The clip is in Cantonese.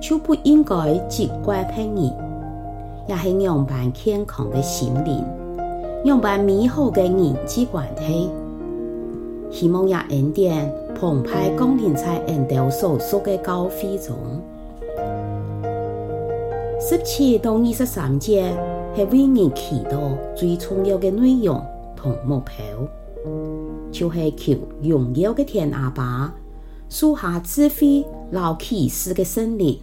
就不應該責怪別人，也是樣板健康的心靈，樣板美好的人際關係。希望也恩典澎湃，光臨在人道所屬的交匯中。十七到二十三節是為人祈禱最重要的內容同目標，就會求的、啊、是求榮耀嘅天阿爸，樹下智慧和啟示嘅勝利。